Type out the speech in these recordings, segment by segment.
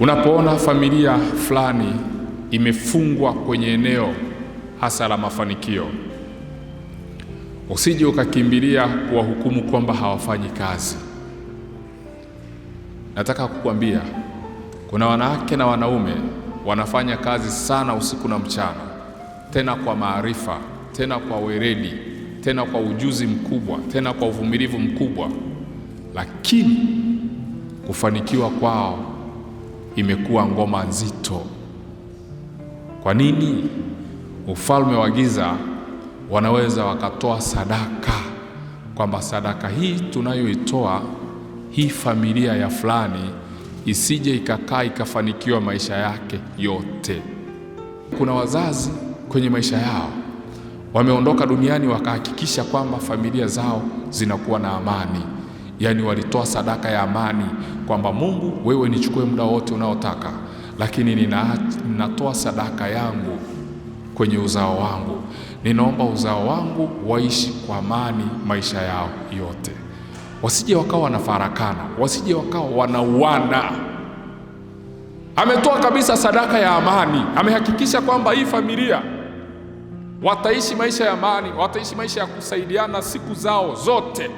Unapoona familia fulani imefungwa kwenye eneo hasa la mafanikio, usije ukakimbilia kuwahukumu kwamba hawafanyi kazi. Nataka kukuambia kuna wanawake na wanaume wanafanya kazi sana usiku na mchana, tena kwa maarifa, tena kwa weledi, tena kwa ujuzi mkubwa, tena kwa uvumilivu mkubwa, lakini kufanikiwa kwao imekuwa ngoma nzito. Kwa nini? Ufalme wa giza wanaweza wakatoa sadaka kwamba sadaka hii tunayoitoa hii familia ya fulani isije ikakaa ikafanikiwa maisha yake yote. Kuna wazazi kwenye maisha yao wameondoka duniani wakahakikisha kwamba familia zao zinakuwa na amani yaani walitoa sadaka ya amani, kwamba Mungu, wewe nichukue muda wote unaotaka, lakini nina, ninatoa sadaka yangu kwenye uzao wangu, ninaomba uzao wangu waishi kwa amani maisha yao yote, wasije wakawa wanafarakana, wasije wakawa wanauana. Ametoa kabisa sadaka ya amani, amehakikisha kwamba hii familia wataishi maisha ya amani, wataishi maisha ya kusaidiana siku zao zote.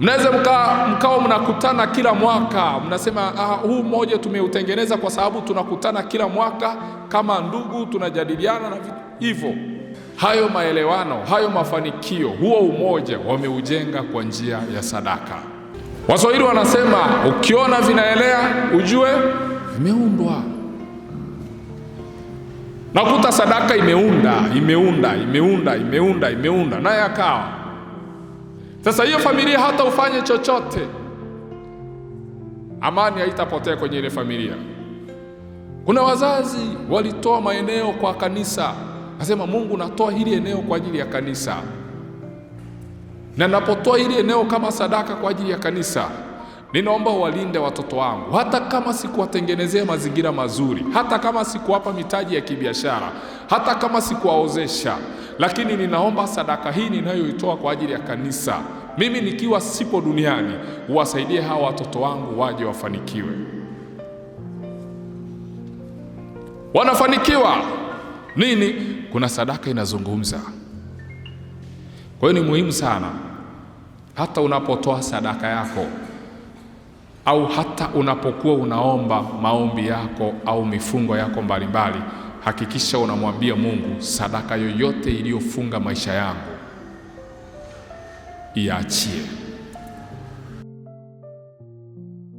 Mnaweza mkawa mnakutana kila mwaka, mnasema ah, huu mmoja tumeutengeneza kwa sababu tunakutana kila mwaka kama ndugu, tunajadiliana na hivyo. Hayo maelewano, hayo mafanikio, huo umoja wameujenga kwa njia ya sadaka. Waswahili wanasema ukiona vinaelea ujue vimeundwa. Nakuta sadaka imeunda, imeunda, imeunda, imeunda, imeunda, naye akawa sasa hiyo familia hata ufanye chochote, amani haitapotea kwenye ile familia. Kuna wazazi walitoa maeneo kwa kanisa, nasema Mungu, natoa hili eneo kwa ajili ya kanisa, na napotoa hili eneo kama sadaka kwa ajili ya kanisa Ninaomba walinde watoto wangu, hata kama sikuwatengenezea mazingira mazuri, hata kama sikuwapa mitaji ya kibiashara, hata kama sikuwaozesha, lakini ninaomba sadaka hii ninayoitoa kwa ajili ya kanisa, mimi nikiwa sipo duniani, uwasaidie hawa watoto wangu waje wafanikiwe. Wanafanikiwa nini? Kuna sadaka inazungumza. Kwa hiyo ni muhimu sana, hata unapotoa sadaka yako au hata unapokuwa unaomba maombi yako au mifungo yako mbalimbali mbali, hakikisha unamwambia Mungu, sadaka yoyote iliyofunga maisha yangu iachie.